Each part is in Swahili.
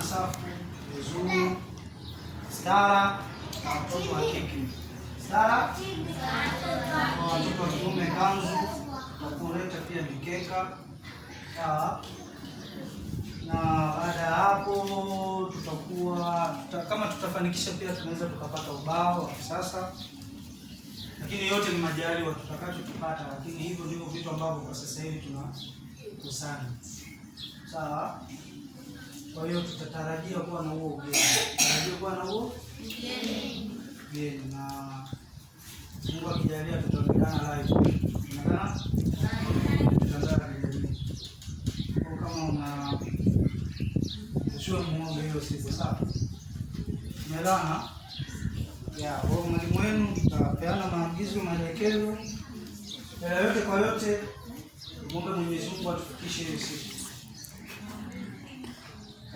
masafu vizuri, stara na watoto wa kike, stara na watoto wa kiume, kanzu na kuleta pia mikeka, sawa. Na baada ya hapo tutakuwa tuta, kama tutafanikisha pia tunaweza tukapata ubao wa kisasa, lakini yote ni majaliwa tutakachotupata, lakini hivyo ndivyo vitu ambavyo kwa sasa hivi tunakusanya, sawa. Kwa hiyo tutatarajia kuwa na huo ugeni, tutarajia kuwa na huo ugeni, na Mungu akijalia tutaonekana live, Kama una usiwe hiyo siku, Melana ya kwa mwalimu wenu tutapeana maagizo, maelekezo, yote kwa yote, muombe Mwenyezi Mungu atufikishe hiyo siku.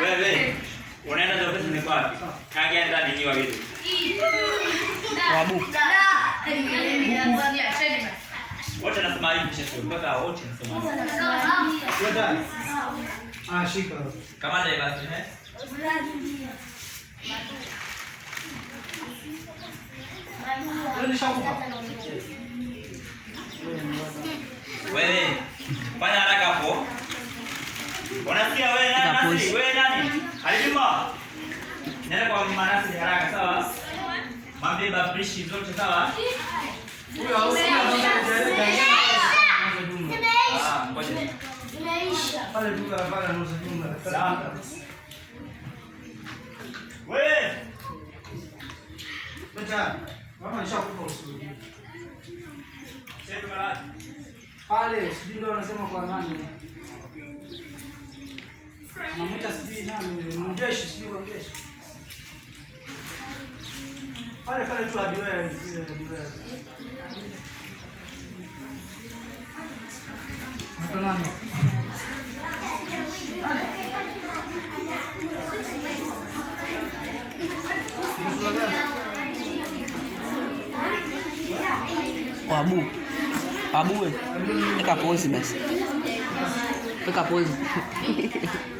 Wewe unaenda ndani ndani ni wapi? Wote nasema hivi kisha sio mpaka wote nasema. Yoda. Ah, shika. Kama ndio basi eh. Wewe fanya haraka hapo. Unasikia wewe nani? Wewe nani? Alima. Nenda kwa manasi haraka sawa? Mambeba brishi zote sawa? pale sijui ndio wanasema kwa nani, namwita sijui nani, mjeshi sijui kwa jeshi pale pale tu hadi wewe nani O Abu. Abu, é esse é mestre. É capose.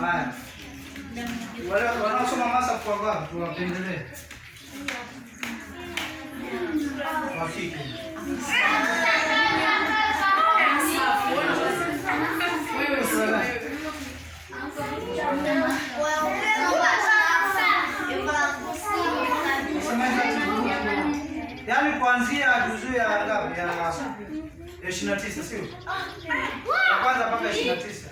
Haya. Wale wanaosoma masafu kwa baba tuwapendelee. Yaani kuanzia juzuu ya ngapi ya 29 sio? Ah, eh, kwanza mpaka 29.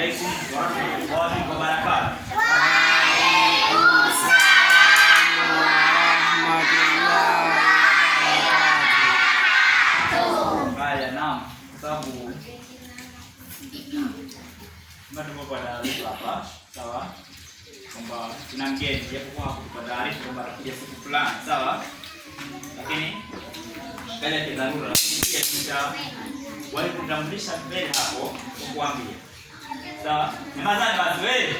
Assalamualaikum warahmatullahi wabarakatuh. Sabu. pada hari kelapa, Kembar, kembang, gen. dia pokok aku pada hari kembar. dia pokok pulang, sawah. Lakini, kaya kidharura, pia kisha, walipundamlisha mbele hapo kwa kuambia Sawa? Nimazani basi wewe.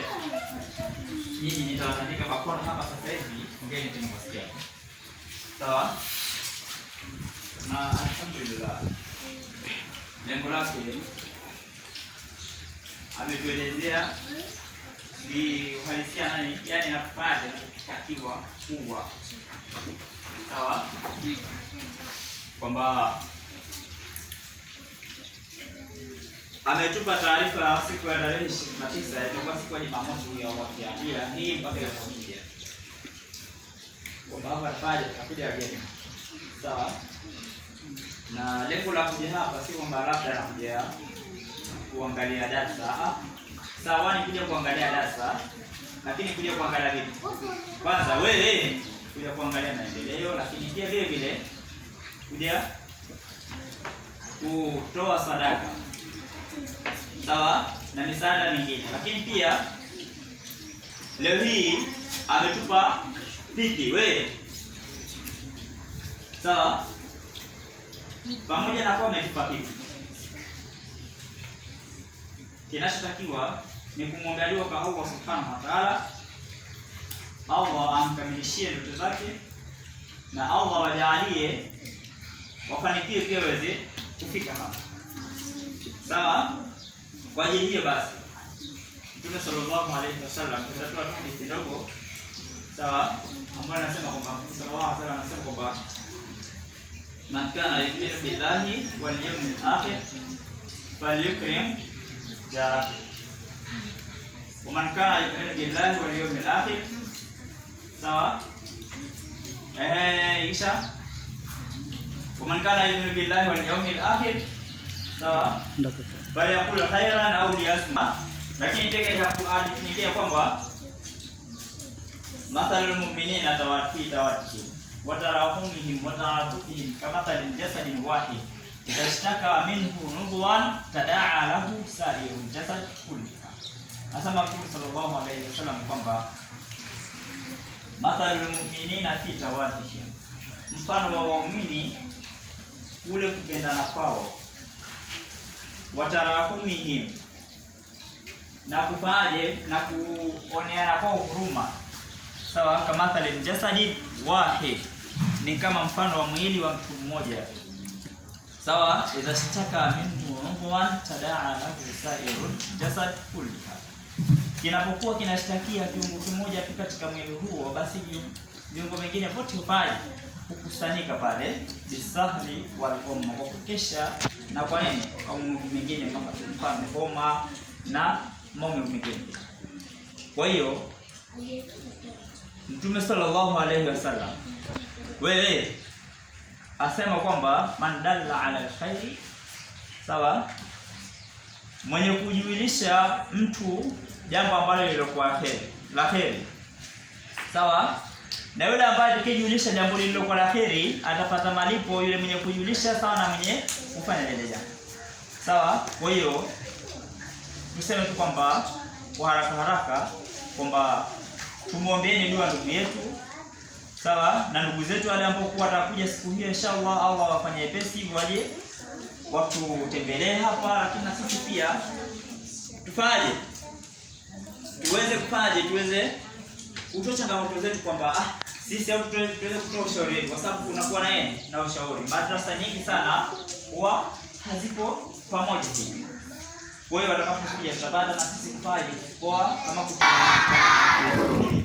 Nyinyi nitawatandika kwa hapa sasa hivi, ongeni kwenye masikio. Sawa? Na alhamdulillah. Lengo lake ametuelezea ni uhalisia nani, yani anapata kitakiwa kuwa. Sawa? Kwamba ametupa taarifa ya siku ya tarehe 29 imekuwa siku ya Jumamosi ya wakiambia hii mpaka ya moja. Kwa sababu ataje atakuja wageni. Sawa? Na lengo la kuja hapa si kwamba labda nakuja kuangalia darasa. Sawa, ni kuja kuangalia darasa. Lakini kuja kuangalia vitu. Kwanza wewe kuja kuangalia maendeleo lakini pia vile vile kuja kutoa sadaka sawa na misaada mingine. Lakini pia leo hii ametupa pipi we, sawa, pamoja na kuwa ametupa pipi, kinachotakiwa ni kumwangalia kwa Allah subhanahu wa ta'ala, Allah amkamilishie ndoto zake na Allah wajalie wafanikiwe pia waweze kufika hapa, sawa. Kwa ajili hiyo basi Mtume sallallahu alayhi wasallam tutatoa hadithi ndogo sawa, ambayo anasema kwamba Mtume sallallahu alayhi wasallam anasema kwamba man kana yu'minu billahi wal yawmil akhir falyukrim jarahu wa man kana yu'minu billahi wal yawmil akhir sawa. Eh, Isa, wa man kana yu'minu billahi wal yawmil akhir sawa, bali yakula khairan au liyasma. Lakini teke hakuadifinikia ah, kwamba mathalul mu'minina tawafii tawati watarahumihim watarafukihim kamathalil jasadin wahid idha ishtaka minhu nudwan tadaa lahu sariu jasad kulliha. Asema Mtume sallallahu alayhi wasallam kwamba mathalul mu'minina fi tawadihim, mfano wa waumini ule kupendana kwao watarahumihim, na kufaje na kuoneana kwa huruma. Sawa, kama mathalan jasadi wahid, ni kama mfano wa mwili wa mtu mmoja. Sawa, idha shtaka minhu udhwan tadaa lahu sairul jasad kulliha, kinapokuwa kinashtakia kiungo kimoja tu katika mwili huo, basi viungo vingine vyote pale kukusanyika pale bisahli wal umma, kwa kukesha na kwa nini kwa maumivu mengine kama homa na maumivu mengine. Kwa hiyo Mtume sallallahu alayhi wasallam wewe asema kwamba man dalla ala alkhairi, sawa, mwenye kujuilisha mtu jambo ambalo lilikuwa heri la heri, sawa na yule ambaye atakayejulisha jambo lililokuwa la heri atapata malipo yule mwenye kujulisha sawa na mwenye kufanya lile jambo. Sawa? Kwa hiyo tuseme tu kwamba kwa haraka haraka kwamba tumuombeeni dua ndugu yetu. Sawa? Na ndugu zetu wale ambao kwa atakuja siku hiyo inshallah Allah awafanyie pesi waje tembelee hapa, lakini na sisi pia tufanye tuweze kufanye tuweze utoe changamoto zetu kwamba ah, sisi au tuweze kutoa ushauri wetu, kwa sababu unakuwa na yeye na ushauri. Madrasa nyingi sana huwa hazipo pamoja, kwa hiyo watakapokuja tabada na sisi kwa kama kutoa